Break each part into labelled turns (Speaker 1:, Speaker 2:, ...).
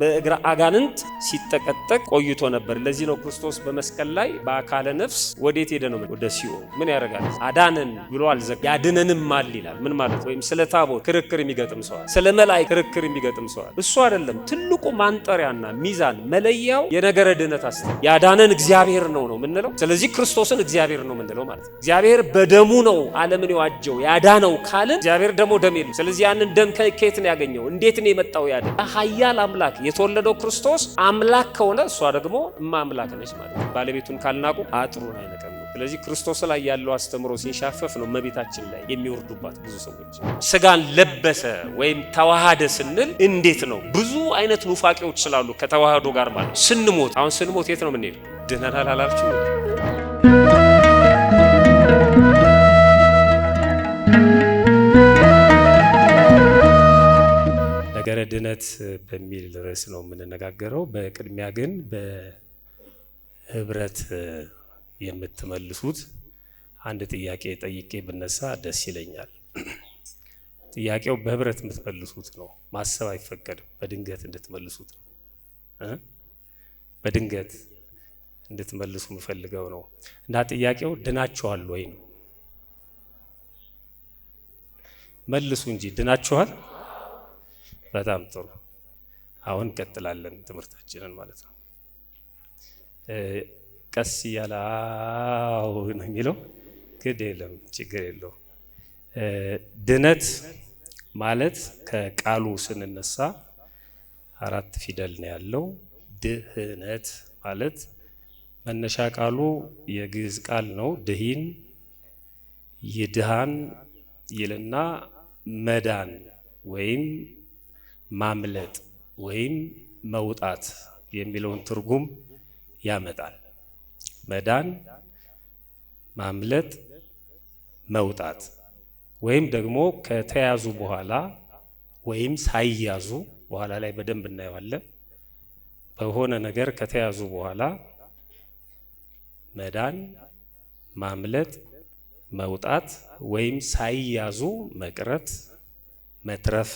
Speaker 1: በእግረ አጋንንት ሲጠቀጠቅ ቆይቶ ነበር። ለዚህ ነው ክርስቶስ በመስቀል ላይ በአካለ ነፍስ ወዴት ሄደ ነው? ወደ ሲኦል። ምን ያደርጋል? አዳነን ብሎ አልዘጋ አል ይላል። ምን ማለት ወይም ስለ ታቦት ክርክር የሚገጥም ሰዋል፣ ስለ መላይ ክርክር የሚገጥም ሰዋል። እሱ አይደለም ትልቁ ማንጠሪያና ሚዛን መለያው የነገረ ድነት አስ ያዳነን እግዚአብሔር ነው ነው ምንለው። ስለዚህ ክርስቶስን እግዚአብሔር ነው ምንለው ማለት ነው። እግዚአብሔር በደሙ ነው ዓለምን የዋጀው ያዳነው ካልን እግዚአብሔር ደግሞ ደም የለም። ስለዚህ ያንን ደም ከየት ነው ያገኘው? እንዴት ነው የመጣው? ያደ ሀያል አምላክ የተወለደው ክርስቶስ አምላክ ከሆነ እሷ ደግሞ እማ አምላክ ነች ማለት ነው። ባለቤቱን ካልናቁ አጥሩን አይነቀም። ስለዚህ ክርስቶስ ላይ ያለው አስተምሮ ሲንሻፈፍ ነው እመቤታችን ላይ የሚወርዱባት ብዙ ሰዎች። ስጋን ለበሰ ወይም ተዋሃደ ስንል እንዴት ነው? ብዙ አይነት ኑፋቄዎች ስላሉ ከተዋህዶ ጋር ማለት ስንሞት፣ አሁን ስንሞት የት ነው የምንሄደው? ድነናል አላችሁ?
Speaker 2: ድነት በሚል ርዕስ ነው የምንነጋገረው። በቅድሚያ ግን በህብረት የምትመልሱት አንድ ጥያቄ ጠይቄ ብነሳ ደስ ይለኛል። ጥያቄው በህብረት የምትመልሱት ነው። ማሰብ አይፈቀድም። በድንገት እንድትመልሱት ነው። በድንገት እንድትመልሱ የምፈልገው ነው እና ጥያቄው ድናችኋል ወይ ነው። መልሱ እንጂ ድናችኋል በጣም ጥሩ። አሁን እንቀጥላለን ትምህርታችንን ማለት ነው። ቀስ እያለ አዎ ነው የሚለው ግድ የለም ችግር የለው። ድነት ማለት ከቃሉ ስንነሳ አራት ፊደል ነው ያለው። ድህነት ማለት መነሻ ቃሉ የግዕዝ ቃል ነው። ድሂን ይድሃን ይልና መዳን ወይም ማምለጥ ወይም መውጣት የሚለውን ትርጉም ያመጣል። መዳን፣ ማምለጥ፣ መውጣት ወይም ደግሞ ከተያዙ በኋላ ወይም ሳይያዙ በኋላ ላይ በደንብ እናየዋለን። በሆነ ነገር ከተያዙ በኋላ መዳን፣ ማምለጥ፣ መውጣት ወይም ሳይያዙ መቅረት፣ መትረፍ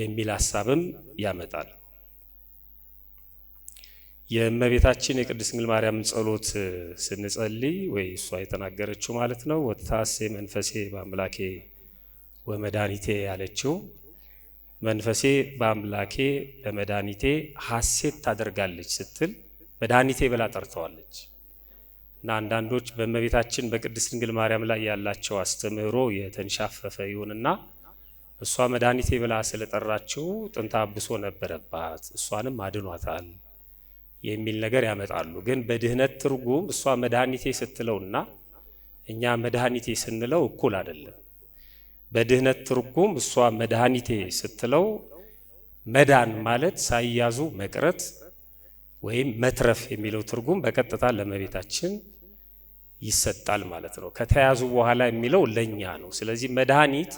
Speaker 2: የሚል ሀሳብም ያመጣል። የእመቤታችን የቅድስት ድንግል ማርያምን ጸሎት ስንጸልይ ወይ እሷ የተናገረችው ማለት ነው ወታሴ መንፈሴ በአምላኬ ወመድኃኒቴ ያለችው መንፈሴ በአምላኬ በመድኃኒቴ ሐሴት ታደርጋለች ስትል መድኃኒቴ ብላ ጠርተዋለች እና አንዳንዶች በእመቤታችን በቅድስት ድንግል ማርያም ላይ ያላቸው አስተምህሮ የተንሻፈፈ ይሁንና እሷ መድኃኒቴ ብላ ስለጠራችው ጥንታ አብሶ ነበረባት፣ እሷንም አድኗታል የሚል ነገር ያመጣሉ። ግን በድህነት ትርጉም እሷ መድኃኒቴ ስትለውና እኛ መድኃኒቴ ስንለው እኩል አይደለም። በድህነት ትርጉም እሷ መድኃኒቴ ስትለው መዳን ማለት ሳይያዙ መቅረት ወይም መትረፍ የሚለው ትርጉም በቀጥታ ለመቤታችን ይሰጣል ማለት ነው። ከተያዙ በኋላ የሚለው ለእኛ ነው። ስለዚህ መድኃኒት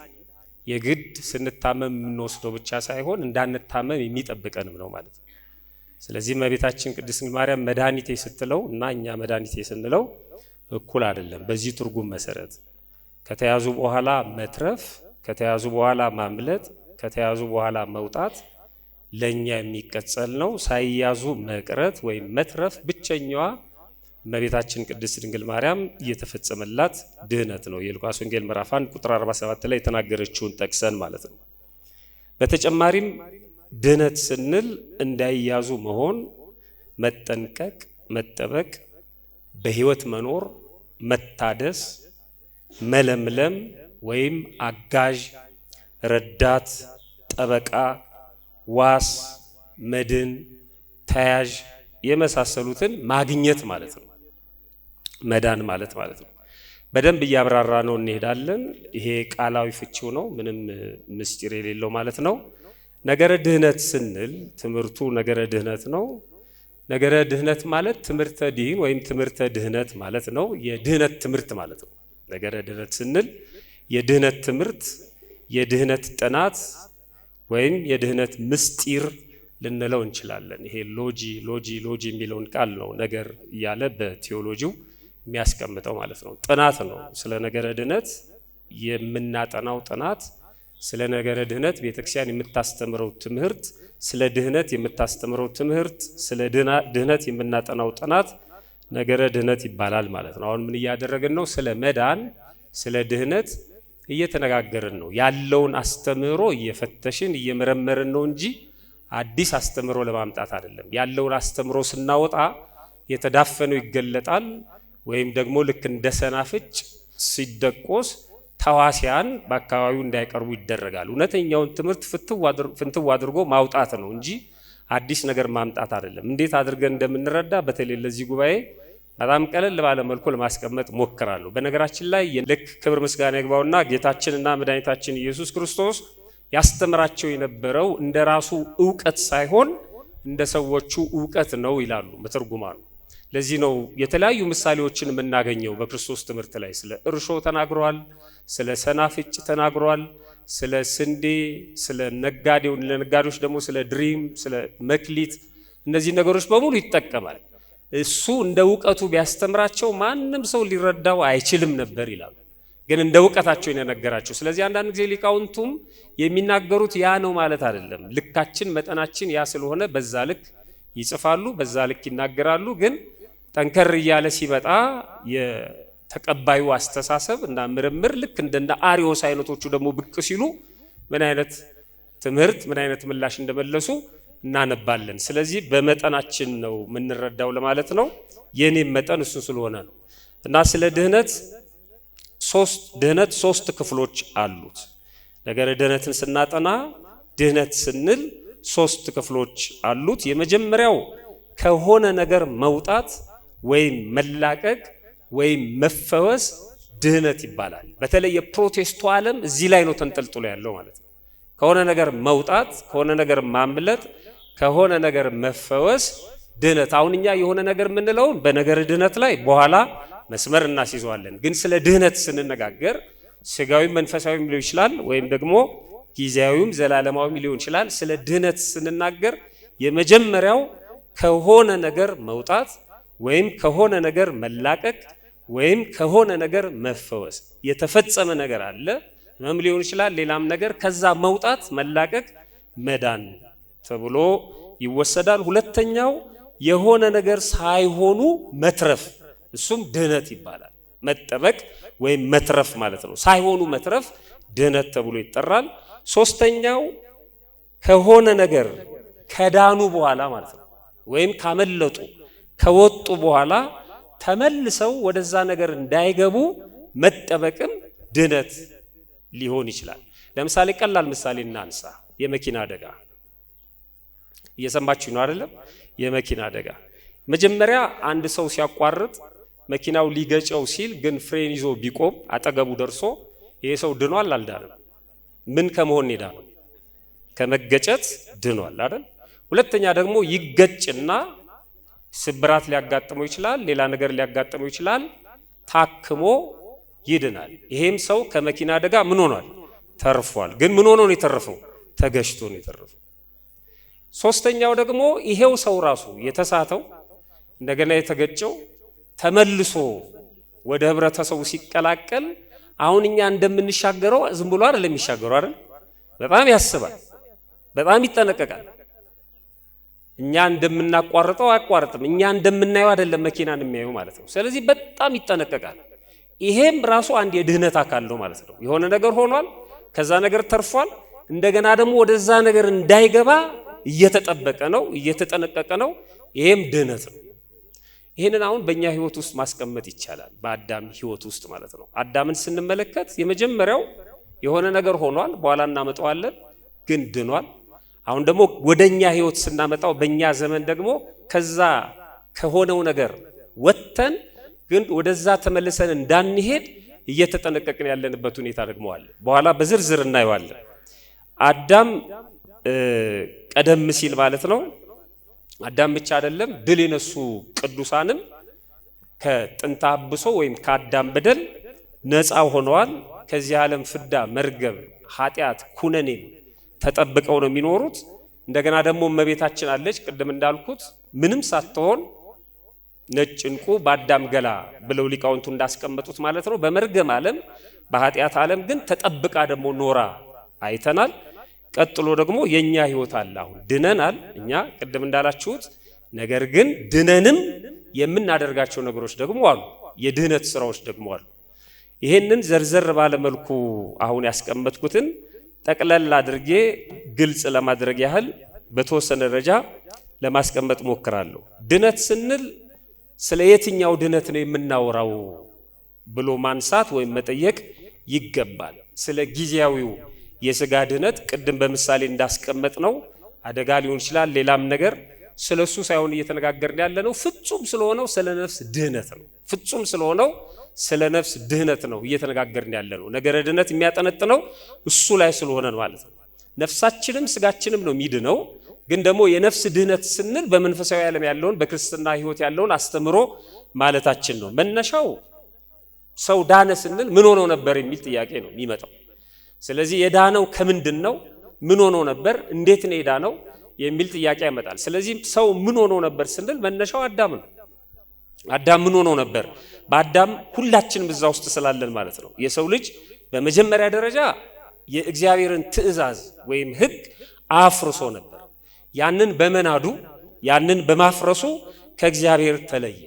Speaker 2: የግድ ስንታመም የምንወስደው ብቻ ሳይሆን እንዳንታመም የሚጠብቀንም ነው ማለት ነው። ስለዚህ እመቤታችን ቅድስት ድንግል ማርያም መድኃኒቴ ስትለው እና እኛ መድኃኒቴ ስንለው እኩል አይደለም። በዚህ ትርጉም መሰረት ከተያዙ በኋላ መትረፍ፣ ከተያዙ በኋላ ማምለጥ፣ ከተያዙ በኋላ መውጣት ለእኛ የሚቀጸል ነው። ሳይያዙ መቅረት ወይም መትረፍ ብቸኛዋ እመቤታችን ቅድስት ድንግል ማርያም እየተፈጸመላት ድህነት ነው። የሉቃስ ወንጌል ምዕራፍ 1 ቁጥር 47 ላይ የተናገረችውን ጠቅሰን ማለት ነው። በተጨማሪም ድህነት ስንል እንዳይያዙ መሆን፣ መጠንቀቅ፣ መጠበቅ፣ በህይወት መኖር፣ መታደስ፣ መለምለም ወይም አጋዥ፣ ረዳት፣ ጠበቃ፣ ዋስ፣ መድን፣ ተያዥ የመሳሰሉትን ማግኘት ማለት ነው። መዳን ማለት ማለት ነው። በደንብ እያብራራ ነው እንሄዳለን። ይሄ ቃላዊ ፍቺው ነው፣ ምንም ምስጢር የሌለው ማለት ነው። ነገረ ድህነት ስንል ትምህርቱ ነገረ ድህነት ነው። ነገረ ድህነት ማለት ትምህርተ ዲን ወይም ትምህርተ ድህነት ማለት ነው። የድህነት ትምህርት ማለት ነው። ነገረ ድህነት ስንል የድህነት ትምህርት፣ የድህነት ጥናት ወይም የድህነት ምስጢር ልንለው እንችላለን። ይሄ ሎጂ ሎጂ ሎጂ የሚለውን ቃል ነው ነገር እያለ በቴዎሎጂው የሚያስቀምጠው ማለት ነው። ጥናት ነው። ስለ ነገረ ድህነት የምናጠናው ጥናት ስለ ነገረ ድህነት ቤተክርስቲያን የምታስተምረው ትምህርት፣ ስለ ድህነት የምታስተምረው ትምህርት፣ ስለ ድህነት የምናጠናው ጥናት ነገረ ድህነት ይባላል ማለት ነው። አሁን ምን እያደረግን ነው? ስለ መዳን፣ ስለ ድህነት እየተነጋገርን ነው። ያለውን አስተምህሮ እየፈተሽን እየመረመርን ነው እንጂ አዲስ አስተምህሮ ለማምጣት አይደለም። ያለውን አስተምህሮ ስናወጣ የተዳፈነው ይገለጣል። ወይም ደግሞ ልክ እንደ ሰናፍጭ ሲደቆስ ታዋሲያን በአካባቢው እንዳይቀርቡ ይደረጋል። እውነተኛውን ትምህርት ፍንትው አድርጎ ማውጣት ነው እንጂ አዲስ ነገር ማምጣት አይደለም። እንዴት አድርገን እንደምንረዳ በተለይ ለዚህ ጉባኤ በጣም ቀለል ባለ መልኩ ለማስቀመጥ ሞክራለሁ። በነገራችን ላይ ልክ ክብር ምስጋና ይግባውና ጌታችንና መድኃኒታችን ኢየሱስ ክርስቶስ ያስተምራቸው የነበረው እንደ ራሱ እውቀት ሳይሆን እንደ ሰዎቹ እውቀት ነው ይላሉ በትርጉማ ነው። ለዚህ ነው የተለያዩ ምሳሌዎችን የምናገኘው በክርስቶስ ትምህርት ላይ ስለ እርሾ ተናግሯል፣ ስለ ሰናፍጭ ተናግሯል፣ ስለ ስንዴ፣ ስለ ነጋዴው ለነጋዴዎች ደግሞ ስለ ድሪም፣ ስለ መክሊት እነዚህ ነገሮች በሙሉ ይጠቀማል። እሱ እንደ እውቀቱ ቢያስተምራቸው ማንም ሰው ሊረዳው አይችልም ነበር ይላሉ። ግን እንደ እውቀታቸው የነገራቸው። ስለዚህ አንዳንድ ጊዜ ሊቃውንቱም የሚናገሩት ያ ነው ማለት አይደለም። ልካችን መጠናችን ያ ስለሆነ በዛ ልክ ይጽፋሉ፣ በዛ ልክ ይናገራሉ ግን ጠንከር እያለ ሲመጣ የተቀባዩ አስተሳሰብ እና ምርምር ልክ እንደ አሪዮስ አይነቶቹ ደግሞ ብቅ ሲሉ ምን አይነት ትምህርት ምን አይነት ምላሽ እንደመለሱ እናነባለን። ስለዚህ በመጠናችን ነው የምንረዳው ለማለት ነው። የእኔም መጠን እሱ ስለሆነ ነው እና ስለ ድህነት ሶስት ድህነት ሶስት ክፍሎች አሉት። ነገረ ድህነትን ስናጠና ድህነት ስንል ሶስት ክፍሎች አሉት። የመጀመሪያው ከሆነ ነገር መውጣት ወይም መላቀቅ ወይም መፈወስ ድህነት ይባላል። በተለይ የፕሮቴስቱ ዓለም እዚህ ላይ ነው ተንጠልጥሎ ያለው ማለት ነው። ከሆነ ነገር መውጣት፣ ከሆነ ነገር ማምለጥ፣ ከሆነ ነገር መፈወስ ድህነት። አሁን እኛ የሆነ ነገር የምንለውን በነገር ድህነት ላይ በኋላ መስመር እናስይዘዋለን። ግን ስለ ድህነት ስንነጋገር ስጋዊም መንፈሳዊም ሊሆን ይችላል፣ ወይም ደግሞ ጊዜያዊም ዘላለማዊም ሊሆን ይችላል። ስለ ድህነት ስንናገር የመጀመሪያው ከሆነ ነገር መውጣት ወይም ከሆነ ነገር መላቀቅ ወይም ከሆነ ነገር መፈወስ የተፈጸመ ነገር አለ። ህመም ሊሆን ይችላል፣ ሌላም ነገር ከዛ መውጣት መላቀቅ መዳን ተብሎ ይወሰዳል። ሁለተኛው የሆነ ነገር ሳይሆኑ መትረፍ፣ እሱም ድህነት ይባላል። መጠበቅ ወይም መትረፍ ማለት ነው። ሳይሆኑ መትረፍ ድህነት ተብሎ ይጠራል። ሶስተኛው ከሆነ ነገር ከዳኑ በኋላ ማለት ነው ወይም ካመለጡ ከወጡ በኋላ ተመልሰው ወደዛ ነገር እንዳይገቡ መጠበቅም ድነት ሊሆን ይችላል። ለምሳሌ ቀላል ምሳሌ እናንሳ። የመኪና አደጋ እየሰማችሁ ነው አይደለም? የመኪና አደጋ መጀመሪያ አንድ ሰው ሲያቋርጥ መኪናው ሊገጨው ሲል ግን ፍሬን ይዞ ቢቆም አጠገቡ ደርሶ ይሄ ሰው ድኗል አልዳንም? ምን ከመሆን ሄዳ ነው? ከመገጨት ድኗል አይደል? ሁለተኛ ደግሞ ይገጭና ስብራት ሊያጋጥመው ይችላል፣ ሌላ ነገር ሊያጋጥመው ይችላል። ታክሞ ይድናል። ይሄም ሰው ከመኪና አደጋ ምን ሆኗል? ተርፏል። ግን ምን ሆኖ ነው የተረፈው? ተገሽቶ ነው የተረፈው። ሶስተኛው ደግሞ ይሄው ሰው ራሱ የተሳተው እንደገና የተገጨው ተመልሶ ወደ ህብረተሰቡ ሲቀላቀል አሁን እኛ እንደምንሻገረው ዝም ብሎ አይደለም የሚሻገረው አይደል? በጣም ያስባል፣ በጣም ይጠነቀቃል። እኛ እንደምናቋርጠው አያቋርጥም። እኛ እንደምናየው አይደለም መኪናን የሚያየው ማለት ነው። ስለዚህ በጣም ይጠነቀቃል። ይሄም ራሱ አንድ የድህነት አካል ነው ማለት ነው። የሆነ ነገር ሆኗል፣ ከዛ ነገር ተርፏል። እንደገና ደግሞ ወደዛ ነገር እንዳይገባ እየተጠበቀ ነው፣ እየተጠነቀቀ ነው። ይሄም ድህነት ነው። ይህንን አሁን በእኛ ህይወት ውስጥ ማስቀመጥ ይቻላል፣ በአዳም ህይወት ውስጥ ማለት ነው። አዳምን ስንመለከት የመጀመሪያው የሆነ ነገር ሆኗል፣ በኋላ እናመጣዋለን፣ ግን ድኗል። አሁን ደግሞ ወደ እኛ ህይወት ስናመጣው በእኛ ዘመን ደግሞ ከዛ ከሆነው ነገር ወጥተን ግን ወደዛ ተመልሰን እንዳንሄድ እየተጠነቀቅን ያለንበት ሁኔታ ደግሞ አለ። በኋላ በዝርዝር እናየዋለን። አዳም ቀደም ሲል ማለት ነው። አዳም ብቻ አይደለም፣ ድል የነሱ ቅዱሳንም ከጥንተ አብሶ ወይም ከአዳም በደል ነፃ ሆነዋል። ከዚህ ዓለም ፍዳ፣ መርገብ ኃጢአት፣ ኩነኔም ተጠብቀው ነው የሚኖሩት። እንደገና ደግሞ እመቤታችን አለች። ቅድም እንዳልኩት ምንም ሳትሆን ነጭ እንቁ በአዳም ገላ ብለው ሊቃውንቱ እንዳስቀመጡት ማለት ነው። በመርገም ዓለም በኃጢአት ዓለም ግን ተጠብቃ ደግሞ ኖራ አይተናል። ቀጥሎ ደግሞ የእኛ ህይወት አለ። አሁን ድነናል እኛ ቅድም እንዳላችሁት። ነገር ግን ድነንም የምናደርጋቸው ነገሮች ደግሞ አሉ፣ የድህነት ስራዎች ደግሞ አሉ። ይሄንን ዘርዘር ባለመልኩ አሁን ያስቀመጥኩትን ጠቅለል አድርጌ ግልጽ ለማድረግ ያህል በተወሰነ ደረጃ ለማስቀመጥ ሞክራለሁ። ድነት ስንል ስለ የትኛው ድነት ነው የምናወራው ብሎ ማንሳት ወይም መጠየቅ ይገባል። ስለ ጊዜያዊው የስጋ ድነት ቅድም በምሳሌ እንዳስቀመጥ ነው አደጋ ሊሆን ይችላል፣ ሌላም ነገር ስለ እሱ ሳይሆን እየተነጋገርን ያለ ነው። ፍጹም ስለሆነው ስለ ነፍስ ድህነት ነው። ፍጹም ስለሆነው ስለ ነፍስ ድህነት ነው እየተነጋገርን ያለ ነው። ነገረ ድህነት የሚያጠነጥነው እሱ ላይ ስለሆነ ማለት ነው። ነፍሳችንም ስጋችንም ነው የሚድነው። ግን ደግሞ የነፍስ ድህነት ስንል በመንፈሳዊ ዓለም ያለውን በክርስትና ሕይወት ያለውን አስተምሮ ማለታችን ነው። መነሻው ሰው ዳነ ስንል ምን ሆኖ ነበር የሚል ጥያቄ ነው የሚመጣው። ስለዚህ የዳነው ከምንድን ነው? ምን ሆኖ ነበር? እንዴት ነው የዳነው የሚል ጥያቄ ያመጣል። ስለዚህ ሰው ምን ሆኖ ነበር ስንል መነሻው አዳም ነው። አዳም ምን ሆኖ ነበር? በአዳም ሁላችንም እዛ ውስጥ ስላለን ማለት ነው። የሰው ልጅ በመጀመሪያ ደረጃ የእግዚአብሔርን ትእዛዝ ወይም ሕግ አፍርሶ ነበር። ያንን በመናዱ ያንን በማፍረሱ ከእግዚአብሔር ተለየ።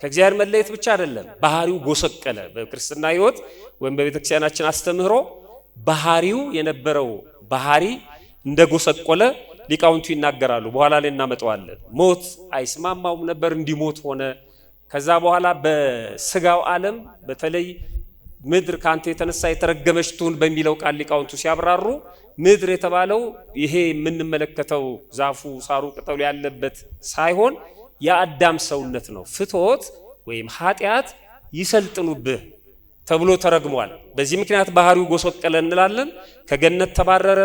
Speaker 2: ከእግዚአብሔር መለየት ብቻ አይደለም፣ ባህሪው ጎሰቀለ። በክርስትና ሕይወት ወይም በቤተክርስቲያናችን አስተምህሮ ባህሪው የነበረው ባህሪ እንደ ጎሰቆለ ሊቃውንቱ ይናገራሉ። በኋላ ላይ እናመጣዋለን። ሞት አይስማማውም ነበር፣ እንዲሞት ሆነ። ከዛ በኋላ በስጋው ዓለም በተለይ ምድር ከአንተ የተነሳ የተረገመች ትሁን በሚለው ቃል ሊቃውንቱ ሲያብራሩ ምድር የተባለው ይሄ የምንመለከተው ዛፉ፣ ሳሩ፣ ቅጠሉ ያለበት ሳይሆን የአዳም ሰውነት ነው። ፍትወት ወይም ኃጢአት ይሰልጥኑብህ ተብሎ ተረግሟል። በዚህ ምክንያት ባህሪው ጎሰቀለ እንላለን። ከገነት ተባረረ፣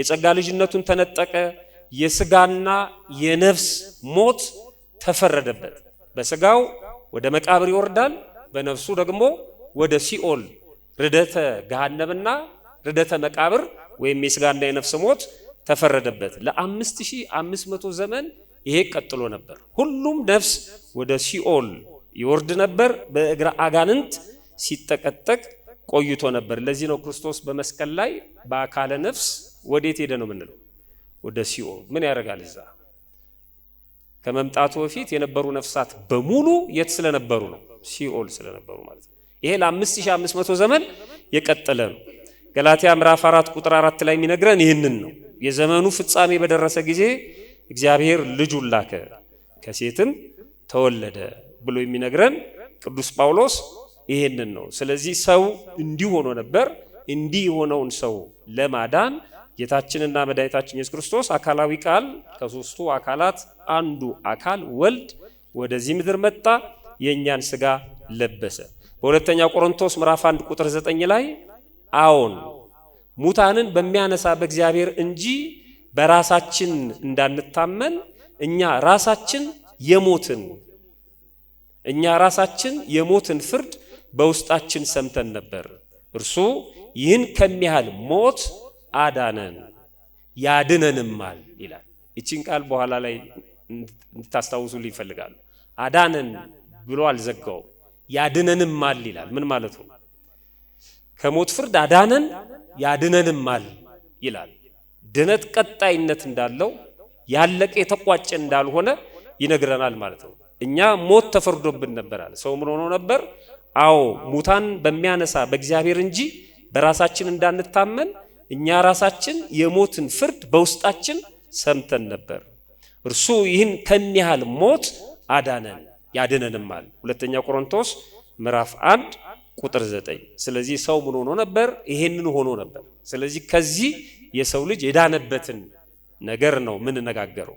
Speaker 2: የጸጋ ልጅነቱን ተነጠቀ፣ የስጋና የነፍስ ሞት ተፈረደበት በስጋው ወደ መቃብር ይወርዳል፣ በነፍሱ ደግሞ ወደ ሲኦል ርደተ ገሃነምና ርደተ መቃብር ወይም የስጋና የነፍስ ሞት ተፈረደበት። ለ5500 ዘመን ይሄ ቀጥሎ ነበር። ሁሉም ነፍስ ወደ ሲኦል ይወርድ ነበር፣ በእግረ አጋንንት ሲጠቀጠቅ ቆይቶ ነበር። ለዚህ ነው ክርስቶስ በመስቀል ላይ በአካለ ነፍስ ወዴት ሄደ ነው የምንለው። ወደ ሲኦል ምን ያደርጋል እዛ ከመምጣቱ በፊት የነበሩ ነፍሳት በሙሉ የት ስለነበሩ ነው? ሲኦል ስለነበሩ ማለት ነው። ይሄ ለ5500 ዘመን የቀጠለ ነው። ገላትያ ምዕራፍ 4 ቁጥር 4 ላይ የሚነግረን ይህንን ነው። የዘመኑ ፍጻሜ በደረሰ ጊዜ እግዚአብሔር ልጁን ላከ ከሴትም ተወለደ ብሎ የሚነግረን ቅዱስ ጳውሎስ ይህንን ነው። ስለዚህ ሰው እንዲህ ሆኖ ነበር። እንዲህ የሆነውን ሰው ለማዳን ጌታችንና መድኃኒታችን ኢየሱስ ክርስቶስ አካላዊ ቃል ከሶስቱ አካላት አንዱ አካል ወልድ ወደዚህ ምድር መጣ፣ የእኛን ስጋ ለበሰ። በሁለተኛ ቆሮንቶስ ምዕራፍ 1 ቁጥር 9 ላይ አዎን ሙታንን በሚያነሳ በእግዚአብሔር እንጂ በራሳችን እንዳንታመን እኛ ራሳችን የሞትን እኛ ራሳችን የሞትን ፍርድ በውስጣችን ሰምተን ነበር። እርሱ ይህን ከሚያህል ሞት አዳነን ያድነንማል ይላል። ይችን ቃል በኋላ ላይ እንድታስታውሱ ይፈልጋሉ። አዳነን ብሎ አልዘጋውም። ያድነንማል ይላል። ምን ማለት ነው? ከሞት ፍርድ አዳነን ያድነንማል ይላል። ድነት ቀጣይነት እንዳለው ያለቀ የተቋጨ እንዳልሆነ ይነግረናል ማለት ነው። እኛ ሞት ተፈርዶብን ነበር አለ። ሰው ምን ሆኖ ነበር? አዎ ሙታን በሚያነሳ በእግዚአብሔር እንጂ በራሳችን እንዳንታመን እኛ ራሳችን የሞትን ፍርድ በውስጣችን ሰምተን ነበር። እርሱ ይህን ያህል ሞት አዳነን ያድነንማል። ሁለተኛ ቆሮንቶስ ምዕራፍ አንድ ቁጥር ዘጠኝ ስለዚህ ሰው ምን ሆኖ ነበር? ይሄንን ሆኖ ነበር። ስለዚህ ከዚህ የሰው ልጅ የዳነበትን ነገር ነው ምንነጋገረው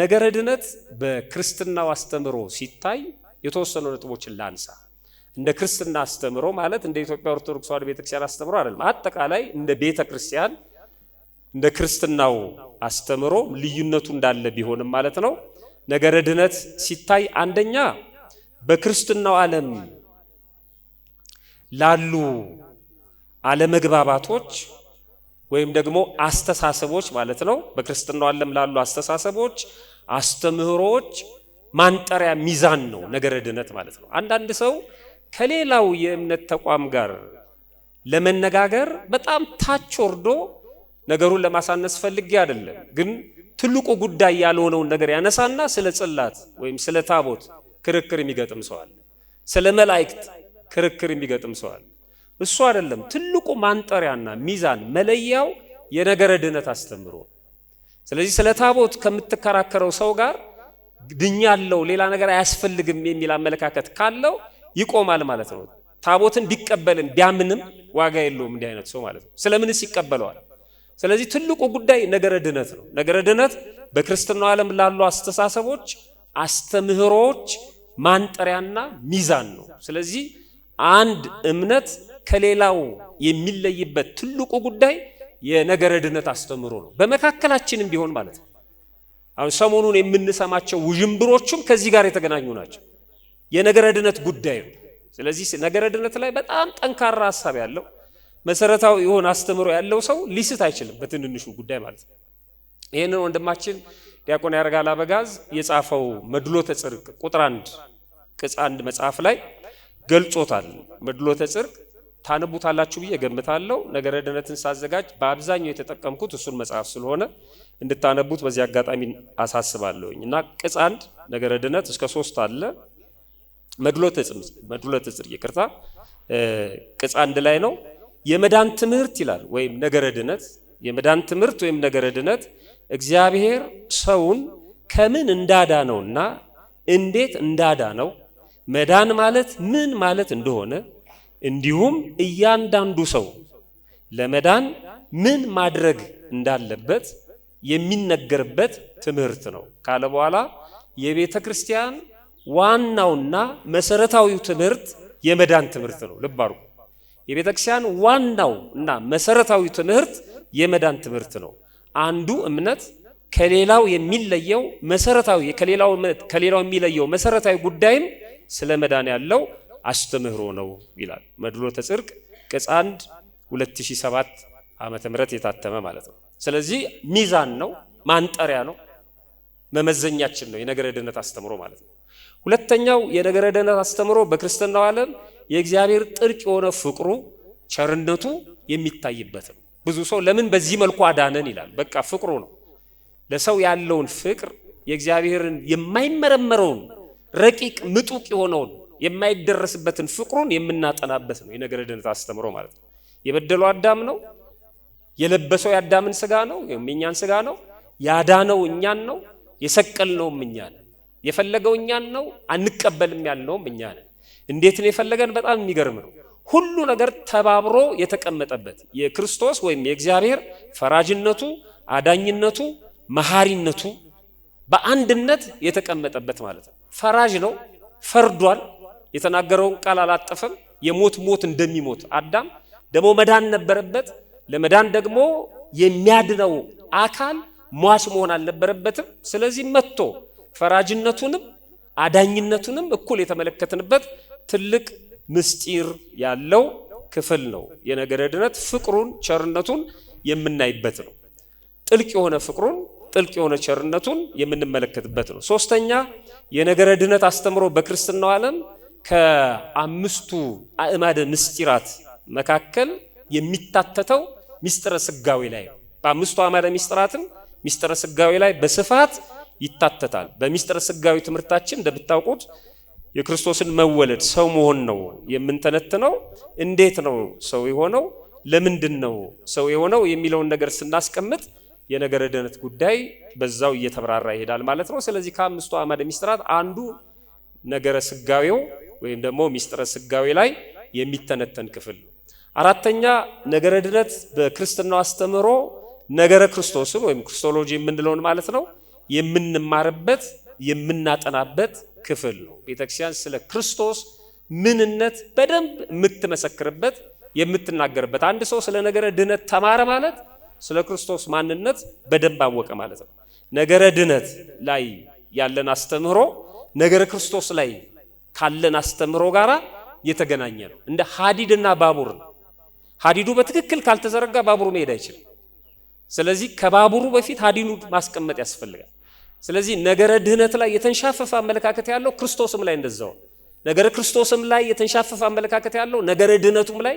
Speaker 2: ነገረ ድነት በክርስትናው አስተምሮ ሲታይ የተወሰኑ ነጥቦችን ላንሳ። እንደ ክርስትና አስተምሮ ማለት እንደ ኢትዮጵያ ኦርቶዶክስ ተዋህዶ ቤተክርስቲያን አስተምሮ አይደለም። አጠቃላይ እንደ ቤተ ክርስቲያን እንደ ክርስትናው አስተምሮ ልዩነቱ እንዳለ ቢሆንም ማለት ነው። ነገረ ድነት ሲታይ አንደኛ በክርስትናው ዓለም ላሉ አለመግባባቶች ወይም ደግሞ አስተሳሰቦች ማለት ነው። በክርስትናው ዓለም ላሉ አስተሳሰቦች፣ አስተምህሮዎች ማንጠሪያ ሚዛን ነው ነገረ ድነት ማለት ነው። አንዳንድ ሰው ከሌላው የእምነት ተቋም ጋር ለመነጋገር በጣም ታች ወርዶ ነገሩን ለማሳነስ ፈልጌ አይደለም፣ ግን ትልቁ ጉዳይ ያልሆነውን ነገር ያነሳና ስለ ጽላት ወይም ስለ ታቦት ክርክር የሚገጥም ሰዋል፣ ስለ መላእክት ክርክር የሚገጥም ሰዋል። እሱ አይደለም ትልቁ ማንጠሪያና ሚዛን መለያው የነገረ ድነት አስተምሮ። ስለዚህ ስለ ታቦት ከምትከራከረው ሰው ጋር ድኛለው ሌላ ነገር አያስፈልግም የሚል አመለካከት ካለው ይቆማል ማለት ነው። ታቦትን ቢቀበልን ቢያምንም ዋጋ የለውም እንዲህ አይነት ሰው ማለት ነው። ስለምንስ ይቀበለዋል? ስለዚህ ትልቁ ጉዳይ ነገረ ድነት ነው። ነገረ ድነት በክርስትናው ዓለም ላሉ አስተሳሰቦች፣ አስተምህሮዎች ማንጠሪያና ሚዛን ነው። ስለዚህ አንድ እምነት ከሌላው የሚለይበት ትልቁ ጉዳይ የነገረ ድነት አስተምህሮ ነው። በመካከላችንም ቢሆን ማለት ነው። አሁን ሰሞኑን የምንሰማቸው ውዥንብሮቹም ከዚህ ጋር የተገናኙ ናቸው። የነገረ ድነት ጉዳይ ነው። ስለዚህ ነገረ ድነት ላይ በጣም ጠንካራ ሀሳብ ያለው መሰረታዊ የሆነ አስተምሮ ያለው ሰው ሊስት አይችልም፣ በትንንሹ ጉዳይ ማለት ነው። ይህንን ወንድማችን ዲያቆን ያረጋል አበጋዝ የጻፈው መድሎተ ጽድቅ ቁጥር አንድ ቅጽ አንድ መጽሐፍ ላይ ገልጾታል። መድሎተ ጽርቅ ታነቡታላችሁ ብዬ ገምታለሁ። ነገረ ድነትን ሳዘጋጅ በአብዛኛው የተጠቀምኩት እሱን መጽሐፍ ስለሆነ እንድታነቡት በዚህ አጋጣሚ አሳስባለሁኝ እና ቅጽ አንድ ነገረ ድነት እስከ ሶስት አለ መድሎተ ጽምዕ መድሎተ ይቅርታ ቅጽ አንድ ላይ ነው። የመዳን ትምህርት ይላል ወይም ነገረ ድነት የመዳን ትምህርት ወይም ነገረ ድነት እግዚአብሔር ሰውን ከምን እንዳዳነውና እንዴት እንዳዳነው መዳን ማለት ምን ማለት እንደሆነ እንዲሁም እያንዳንዱ ሰው ለመዳን ምን ማድረግ እንዳለበት የሚነገርበት ትምህርት ነው ካለ በኋላ የቤተ ክርስቲያን ዋናውና መሰረታዊው ትምህርት የመዳን ትምህርት ነው። ልብ አድርጉ። የቤተ ክርስቲያን ዋናው እና መሰረታዊ ትምህርት የመዳን ትምህርት ነው። አንዱ እምነት ከሌላው የሚለየው መሰረታዊ ከሌላው እምነት ከሌላው የሚለየው መሰረታዊ ጉዳይም ስለ መዳን ያለው አስተምህሮ ነው ይላል መድሎ ተጽርቅ ቅጽ 1 2007 ዓመተ ምህረት የታተመ ማለት ነው። ስለዚህ ሚዛን ነው፣ ማንጠሪያ ነው፣ መመዘኛችን ነው የነገረ ድነት አስተምሮ ማለት ነው። ሁለተኛው የነገረ ድኅነት አስተምሮ በክርስትናው ዓለም የእግዚአብሔር ጥልቅ የሆነ ፍቅሩ ቸርነቱ የሚታይበት ነው። ብዙ ሰው ለምን በዚህ መልኩ አዳነን ይላል። በቃ ፍቅሩ ነው። ለሰው ያለውን ፍቅር የእግዚአብሔርን የማይመረመረውን ረቂቅ ምጡቅ የሆነውን የማይደረስበትን ፍቅሩን የምናጠናበት ነው የነገረ ደነት አስተምሮ ማለት ነው። የበደለው አዳም ነው። የለበሰው የአዳምን ስጋ ነው፣ የእኛን ስጋ ነው። ያዳነው እኛን ነው። የሰቀልነውም እኛን የፈለገው እኛን ነው፣ አንቀበልም ያልነውም እኛ ነን። እንዴት ነው የፈለገን? በጣም የሚገርም ነው። ሁሉ ነገር ተባብሮ የተቀመጠበት የክርስቶስ ወይም የእግዚአብሔር ፈራጅነቱ፣ አዳኝነቱ፣ መሐሪነቱ በአንድነት የተቀመጠበት ማለት ነው። ፈራጅ ነው፣ ፈርዷል። የተናገረውን ቃል አላጠፈም። የሞት ሞት እንደሚሞት አዳም ደግሞ መዳን ነበረበት። ለመዳን ደግሞ የሚያድነው አካል ሟች መሆን አልነበረበትም። ስለዚህ መጥቶ ፈራጅነቱንም አዳኝነቱንም እኩል የተመለከትንበት ትልቅ ምስጢር ያለው ክፍል ነው። የነገረ ድነት ፍቅሩን ቸርነቱን የምናይበት ነው። ጥልቅ የሆነ ፍቅሩን ጥልቅ የሆነ ቸርነቱን የምንመለከትበት ነው። ሶስተኛ የነገረ ድነት አስተምሮ በክርስትናው ዓለም ከአምስቱ አእማደ ምስጢራት መካከል የሚታተተው ሚስጥረ ስጋዌ ላይ ነው። በአምስቱ አእማደ ምስጢራትም ሚስጥረ ስጋዌ ላይ በስፋት ይታተታል። በሚስጥረ ስጋዊ ትምህርታችን እንደምታውቁት የክርስቶስን መወለድ ሰው መሆን ነው የምንተነትነው። እንዴት ነው ሰው የሆነው? ለምንድን ነው ሰው የሆነው የሚለውን ነገር ስናስቀምጥ የነገረ ድኅነት ጉዳይ በዛው እየተብራራ ይሄዳል ማለት ነው። ስለዚህ ከአምስቱ አዕማደ ሚስጥራት አንዱ ነገረ ስጋዊው ወይም ደግሞ ሚስጥረ ስጋዊ ላይ የሚተነተን ክፍል ነው። አራተኛ ነገረ ድኅነት በክርስትናው አስተምህሮ ነገረ ክርስቶስን ወይም ክርስቶሎጂ የምንለውን ማለት ነው የምንማርበት የምናጠናበት ክፍል ነው። ቤተክርስቲያን ስለ ክርስቶስ ምንነት በደንብ የምትመሰክርበት የምትናገርበት። አንድ ሰው ስለ ነገረ ድነት ተማረ ማለት ስለ ክርስቶስ ማንነት በደንብ አወቀ ማለት ነው። ነገረ ድነት ላይ ያለን አስተምህሮ ነገረ ክርስቶስ ላይ ካለን አስተምህሮ ጋር የተገናኘ ነው። እንደ ሀዲድና ባቡር ነው። ሀዲዱ በትክክል ካልተዘረጋ ባቡሩ መሄድ አይችልም። ስለዚህ ከባቡሩ በፊት ሀዲዱ ማስቀመጥ ያስፈልጋል። ስለዚህ ነገረ ድህነት ላይ የተንሻፈፈ አመለካከት ያለው ክርስቶስም ላይ እንደዛው ነገረ ክርስቶስም ላይ የተንሻፈፈ አመለካከት ያለው ነገረ ድህነቱም ላይ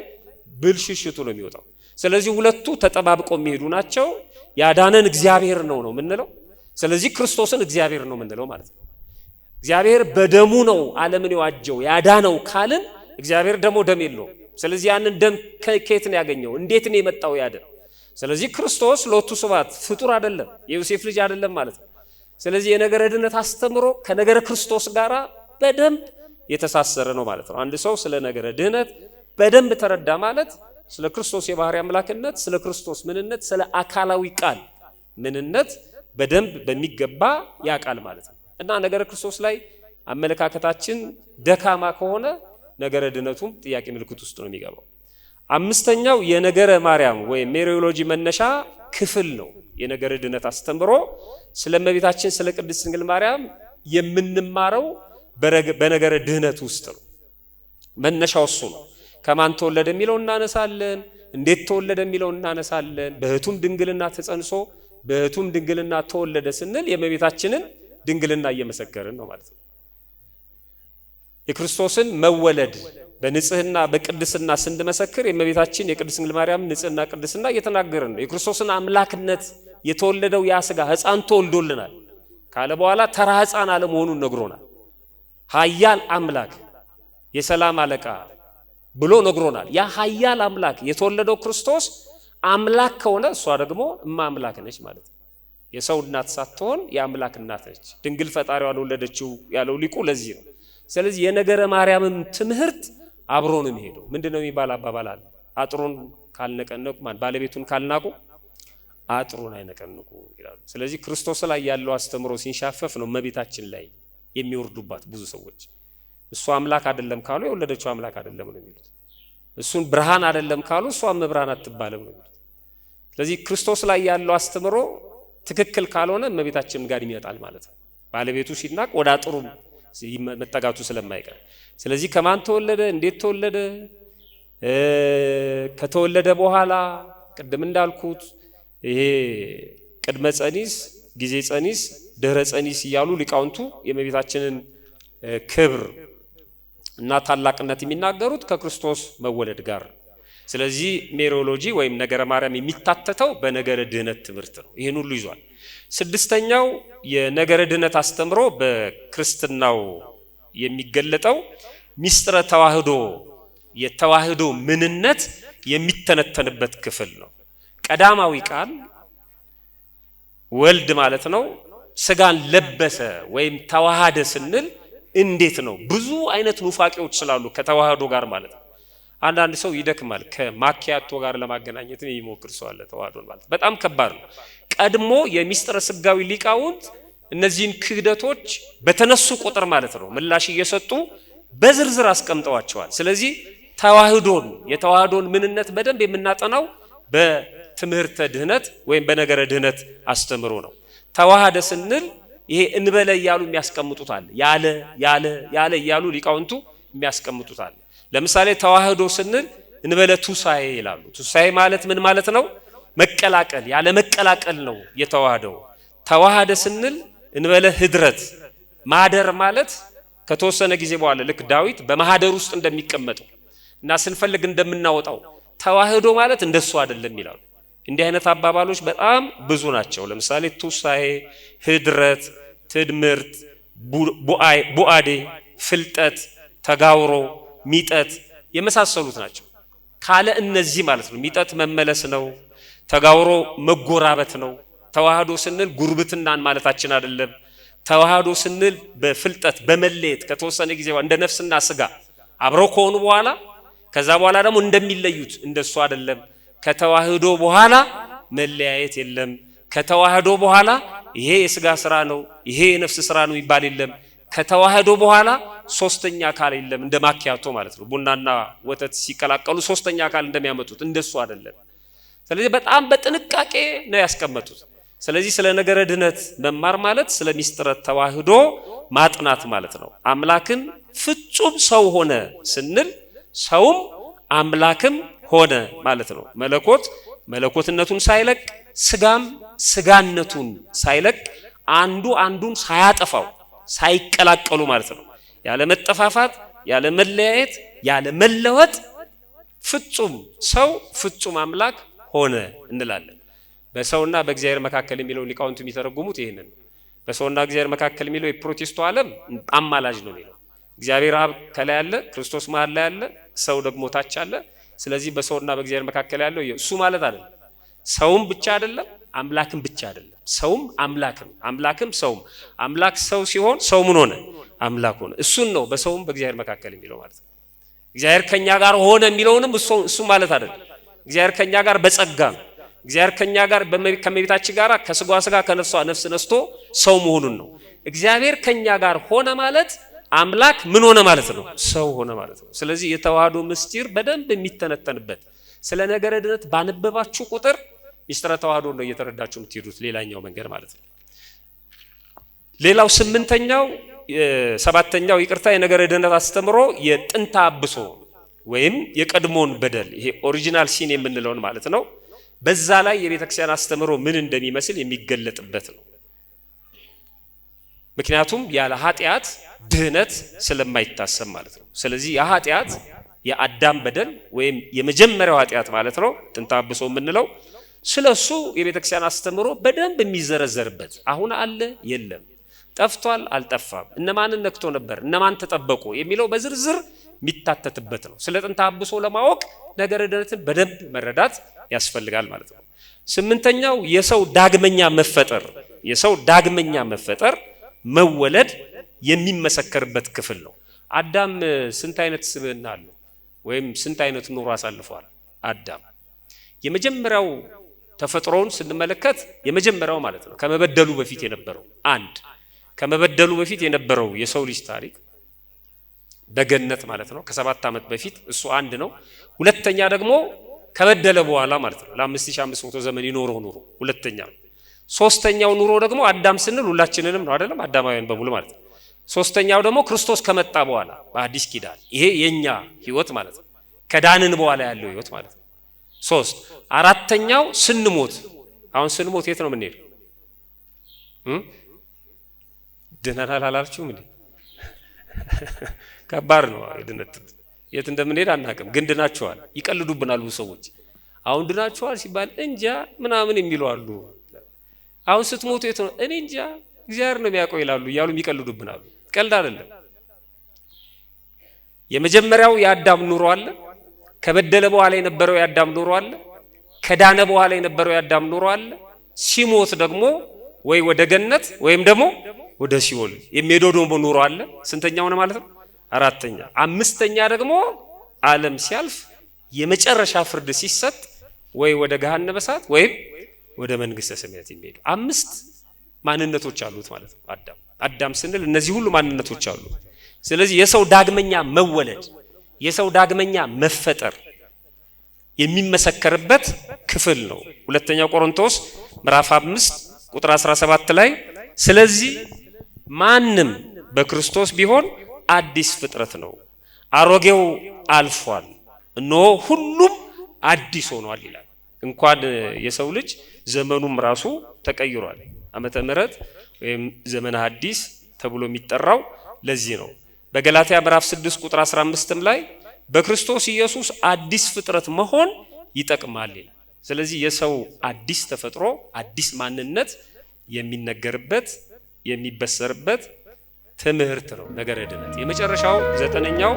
Speaker 2: ብልሽሽቱ ነው የሚወጣው። ስለዚህ ሁለቱ ተጠባብቀው የሚሄዱ ናቸው። ያዳነን እግዚአብሔር ነው ነው የምንለው። ስለዚህ ክርስቶስን እግዚአብሔር ነው የምንለው ማለት ነው። እግዚአብሔር በደሙ ነው ዓለምን የዋጀው ያዳነው ካልን እግዚአብሔር ደግሞ ደም የለውም። ስለዚህ ያንን ደም ከየት ነው ያገኘው? እንዴት ነው የመጣው ያደ ስለዚህ ክርስቶስ ሎቱ ስብሐት ፍጡር አይደለም፣ የዮሴፍ ልጅ አይደለም ማለት ነው። ስለዚህ የነገረ ድነት አስተምሮ ከነገረ ክርስቶስ ጋር በደንብ የተሳሰረ ነው ማለት ነው። አንድ ሰው ስለ ነገረ ድህነት በደንብ ተረዳ ማለት ስለ ክርስቶስ የባህሪ አምላክነት፣ ስለ ክርስቶስ ምንነት፣ ስለ አካላዊ ቃል ምንነት በደንብ በሚገባ ያውቃል ማለት ነው እና ነገረ ክርስቶስ ላይ አመለካከታችን ደካማ ከሆነ ነገረ ድነቱም ጥያቄ ምልክት ውስጥ ነው የሚገባው። አምስተኛው የነገረ ማርያም ወይም ሜሪዮሎጂ መነሻ ክፍል ነው። የነገረ ድነት አስተምሮ ስለ እመቤታችን ስለ ቅድስት ድንግል ማርያም የምንማረው በነገረ ድህነት ውስጥ ነው። መነሻው እሱ ነው። ከማን ተወለደ የሚለው እናነሳለን። እንዴት ተወለደ የሚለው እናነሳለን። በእህቱም ድንግልና ተጸንሶ በእህቱም ድንግልና ተወለደ ስንል የእመቤታችንን ድንግልና እየመሰከርን ነው ማለት ነው። የክርስቶስን መወለድ በንጽህና በቅድስና ስንድመሰክር የእመቤታችን የቅድስት ድንግል ማርያም ንጽህና ቅድስና እየተናገርን ነው። የክርስቶስን አምላክነት የተወለደው ያ ስጋ ህፃን ተወልዶልናል ካለ በኋላ ተራ ህፃን አለመሆኑን ነግሮናል። ሀያል አምላክ የሰላም አለቃ ብሎ ነግሮናል። ያ ሀያል አምላክ የተወለደው ክርስቶስ አምላክ ከሆነ እሷ ደግሞ እማ አምላክ ነች ማለት ነው። የሰው እናት ሳትሆን የአምላክ እናት ነች። ድንግል ፈጣሪዋን ወለደችው ያለው ሊቁ ለዚህ ነው። ስለዚህ የነገረ ማርያምም ትምህርት አብሮ ነው የሚሄደው። ምንድን ነው የሚባል አባባል አለ። አጥሩን ካልነቀነቁ ማን ባለቤቱን ካልናቁ አጥሩን አይነቀንቁ ይላሉ። ስለዚህ ክርስቶስ ላይ ያለው አስተምሮ ሲንሻፈፍ ነው እመቤታችን ላይ የሚወርዱባት ብዙ ሰዎች። እሱ አምላክ አይደለም ካሉ የወለደችው አምላክ አይደለም ነው የሚሉት። እሱን ብርሃን አይደለም ካሉ እሷም ብርሃን አትባለም ነው የሚሉት። ስለዚህ ክርስቶስ ላይ ያለው አስተምሮ ትክክል ካልሆነ መቤታችን ጋር ይመጣል ማለት ነው። ባለቤቱ ሲናቅ ወደ አጥሩ መጠጋቱ ስለማይቀር ስለዚህ ከማን ተወለደ፣ እንዴት ተወለደ፣ ከተወለደ በኋላ ቅድም እንዳልኩት ይሄ ቅድመ ጸኒስ፣ ጊዜ ጸኒስ፣ ድህረ ጸኒስ እያሉ ሊቃውንቱ የመቤታችንን ክብር እና ታላቅነት የሚናገሩት ከክርስቶስ መወለድ ጋር ስለዚህ ሜሮሎጂ ወይም ነገረ ማርያም የሚታተተው በነገረ ድህነት ትምህርት ነው። ይህን ሁሉ ይዟል። ስድስተኛው የነገረ ድነት አስተምሮ በክርስትናው የሚገለጠው ሚስጥረ ተዋህዶ የተዋህዶ ምንነት የሚተነተንበት ክፍል ነው። ቀዳማዊ ቃል ወልድ ማለት ነው። ስጋን ለበሰ ወይም ተዋሃደ ስንል እንዴት ነው? ብዙ አይነት ኑፋቄዎች ስላሉ ከተዋህዶ ጋር ማለት ነው። አንዳንድ ሰው ይደክማል። ከማኪያቶ ጋር ለማገናኘት የሚሞክር ሰው አለ። ተዋህዶን ማለት በጣም ከባድ ነው። ቀድሞ የሚስጥረ ስጋዊ ሊቃውንት እነዚህን ክህደቶች በተነሱ ቁጥር ማለት ነው ምላሽ እየሰጡ በዝርዝር አስቀምጠዋቸዋል። ስለዚህ ተዋህዶን የተዋህዶን ምንነት በደንብ የምናጠናው በትምህርተ ድህነት ወይም በነገረ ድህነት አስተምሮ ነው። ተዋህደ ስንል ይሄ እንበለ እያሉ የሚያስቀምጡታል። ያለ ያለ ያለ እያሉ ሊቃውንቱ የሚያስቀምጡታል። ለምሳሌ ተዋህዶ ስንል እንበለ ቱሳኤ ይላሉ። ቱሳኤ ማለት ምን ማለት ነው? መቀላቀል ያለ መቀላቀል ነው የተዋህደው። ተዋህደ ስንል እንበለ ህድረት ማደር ማለት ከተወሰነ ጊዜ በኋላ ልክ ዳዊት በማህደር ውስጥ እንደሚቀመጠው እና ስንፈልግ እንደምናወጣው ተዋህዶ ማለት እንደሱ አይደለም ይላሉ። እንዲህ አይነት አባባሎች በጣም ብዙ ናቸው። ለምሳሌ ቱሳኤ፣ ህድረት፣ ትድምርት፣ ቡአዴ፣ ፍልጠት፣ ተጋውሮ ሚጠት የመሳሰሉት ናቸው። ካለ እነዚህ ማለት ነው ሚጠት መመለስ ነው። ተጋውሮ መጎራበት ነው። ተዋህዶ ስንል ጉርብትናን ማለታችን አይደለም። ተዋህዶ ስንል በፍልጠት በመለየት ከተወሰነ ጊዜ እንደ ነፍስና ስጋ አብረው ከሆኑ በኋላ ከዛ በኋላ ደግሞ እንደሚለዩት እንደሱ አይደለም። ከተዋህዶ በኋላ መለያየት የለም። ከተዋህዶ በኋላ ይሄ የስጋ ስራ ነው፣ ይሄ የነፍስ ስራ ነው የሚባል የለም። ከተዋህዶ በኋላ ሶስተኛ አካል የለም። እንደ ማኪያቶ ማለት ነው። ቡናና ወተት ሲቀላቀሉ ሶስተኛ አካል እንደሚያመጡት እንደሱ አይደለም። ስለዚህ በጣም በጥንቃቄ ነው ያስቀመጡት። ስለዚህ ስለ ነገረ ድነት መማር ማለት ስለ ሚስጥረ ተዋህዶ ማጥናት ማለት ነው። አምላክን ፍጹም ሰው ሆነ ስንል ሰውም አምላክም ሆነ ማለት ነው። መለኮት መለኮትነቱን ሳይለቅ ስጋም ስጋነቱን ሳይለቅ አንዱ አንዱን ሳያጠፋው ሳይቀላቀሉ ማለት ነው። ያለ መጠፋፋት፣ ያለ መለያየት፣ ያለ መለወጥ ፍጹም ሰው ፍጹም አምላክ ሆነ እንላለን። በሰውና በእግዚአብሔር መካከል የሚለው ሊቃውንት የሚተረጉሙት ይህንን በሰውና እግዚአብሔር መካከል የሚለው የፕሮቴስቱ ዓለም አማላጅ ነው የሚለው እግዚአብሔር አብ ከላይ አለ፣ ክርስቶስ መሀል ላይ አለ፣ ሰው ደግሞ ታች አለ። ስለዚህ በሰውና በእግዚአብሔር መካከል ያለው እሱ ማለት አይደለም፣ ሰውም ብቻ አይደለም፣ አምላክም ብቻ አይደለም። ሰውም አምላክም አምላክም ሰውም አምላክ ሰው ሲሆን ሰው ምን ሆነ አምላክ ሆነ እሱን ነው በሰውም በእግዚአብሔር መካከል የሚለው ማለት ነው እግዚአብሔር ከኛ ጋር ሆነ የሚለውንም እሱ ማለት አይደለም እግዚአብሔር ከኛ ጋር በጸጋ ነው እግዚአብሔር ከኛ ጋር ከመቤታችን ጋር ከስጋ ስጋ ከነፍሷ ነፍስ ነስቶ ሰው መሆኑን ነው እግዚአብሔር ከኛ ጋር ሆነ ማለት አምላክ ምን ሆነ ማለት ነው ሰው ሆነ ማለት ነው ስለዚህ የተዋህዶ ምስጢር በደንብ የሚተነተንበት ስለ ነገረ ድነት ባነበባችሁ ቁጥር ሚስጥረ ተዋህዶ ነው እየተረዳችሁ የምትሄዱት ሌላኛው መንገድ ማለት ነው። ሌላው ስምንተኛው ሰባተኛው ይቅርታ የነገረ ድኅነት አስተምሮ የጥንታ አብሶ ወይም የቀድሞን በደል ይሄ ኦሪጂናል ሲን የምንለውን ማለት ነው። በዛ ላይ የቤተ ክርስቲያን አስተምሮ ምን እንደሚመስል የሚገለጥበት ነው። ምክንያቱም ያለ ኃጢአት ድህነት ስለማይታሰብ ማለት ነው። ስለዚህ የኃጢአት የአዳም በደል ወይም የመጀመሪያው ኃጢአት ማለት ነው ጥንተ አብሶ የምንለው ስለ እሱ የቤተ ክርስቲያን አስተምሮ በደንብ የሚዘረዘርበት አሁን አለ የለም፣ ጠፍቷል አልጠፋም፣ እነማንን ነክቶ ነበር፣ እነማን ተጠበቁ የሚለው በዝርዝር የሚታተትበት ነው። ስለ ጥንተ አብሶ ለማወቅ ነገረ ድነትን በደንብ መረዳት ያስፈልጋል ማለት ነው። ስምንተኛው የሰው ዳግመኛ መፈጠር የሰው ዳግመኛ መፈጠር መወለድ የሚመሰከርበት ክፍል ነው። አዳም ስንት አይነት ስብዕና አለው ወይም ስንት አይነት ኑሮ አሳልፏል? አዳም የመጀመሪያው ተፈጥሮውን ስንመለከት የመጀመሪያው ማለት ነው ከመበደሉ በፊት የነበረው አንድ ከመበደሉ በፊት የነበረው የሰው ልጅ ታሪክ በገነት ማለት ነው ከሰባት ዓመት በፊት እሱ አንድ ነው። ሁለተኛ ደግሞ ከበደለ በኋላ ማለት ነው ለአምስት ሺህ አምስት መቶ ዘመን ይኖረው ኑሮ ሁለተኛ ሶስተኛው ኑሮ ደግሞ አዳም ስንል ሁላችንንም ነው አይደለም አዳማውያን በሙሉ ማለት ነው። ሶስተኛው ደግሞ ክርስቶስ ከመጣ በኋላ በአዲስ ኪዳን ይሄ የኛ ህይወት ማለት ነው ከዳንን በኋላ ያለው ህይወት ማለት ነው። ሶስት አራተኛው ስንሞት አሁን ስንሞት የት ነው የምንሄድ? ድነናል አላላችሁም እንዴ? ከባድ ነው ድነት። የት እንደምንሄድ አናቅም፣ ግን ድናችኋል። ይቀልዱብናሉ ሰዎች። አሁን ድናችኋል ሲባል እንጃ ምናምን የሚሉ አሉ። አሁን ስትሞቱ የት ነው? እኔ እንጃ እግዚአብሔር ነው የሚያውቀው ይላሉ እያሉ ይቀልዱብናሉ። ቀልድ አይደለም። የመጀመሪያው የአዳም ኑሮ አለን? ከበደለ በኋላ የነበረው ያዳም ኑሮ አለ። ከዳነ በኋላ የነበረው ያዳም ኑሮ አለ። ሲሞት ደግሞ ወይ ወደ ገነት ወይም ደግሞ ወደ ሲኦል የሚሄደው ደግሞ ኑሮ አለ። ስንተኛ ነው ማለት ነው? አራተኛ። አምስተኛ ደግሞ ዓለም ሲያልፍ የመጨረሻ ፍርድ ሲሰጥ ወይ ወደ ገሃነመ እሳት ወይም ወደ መንግስተ ሰማያት የሚሄዱ አምስት ማንነቶች አሉት ማለት ነው። አዳም አዳም ስንል እነዚህ ሁሉ ማንነቶች አሉት። ስለዚህ የሰው ዳግመኛ መወለድ የሰው ዳግመኛ መፈጠር የሚመሰከርበት ክፍል ነው። ሁለተኛው ቆሮንቶስ ምዕራፍ 5 ቁጥር 17 ላይ ስለዚህ ማንም በክርስቶስ ቢሆን አዲስ ፍጥረት ነው፣ አሮጌው አልፏል፣ እነሆ ሁሉም አዲስ ሆኗል ይላል። እንኳን የሰው ልጅ ዘመኑም ራሱ ተቀይሯል። ዓመተ ምሕረት ወይም ዘመነ አዲስ ተብሎ የሚጠራው ለዚህ ነው። በገላትያ ምዕራፍ 6 ቁጥር 15 ላይ በክርስቶስ ኢየሱስ አዲስ ፍጥረት መሆን ይጠቅማል ይላል። ስለዚህ የሰው አዲስ ተፈጥሮ አዲስ ማንነት የሚነገርበት የሚበሰርበት ትምህርት ነው ነገረ ድነት። የመጨረሻው ዘጠነኛው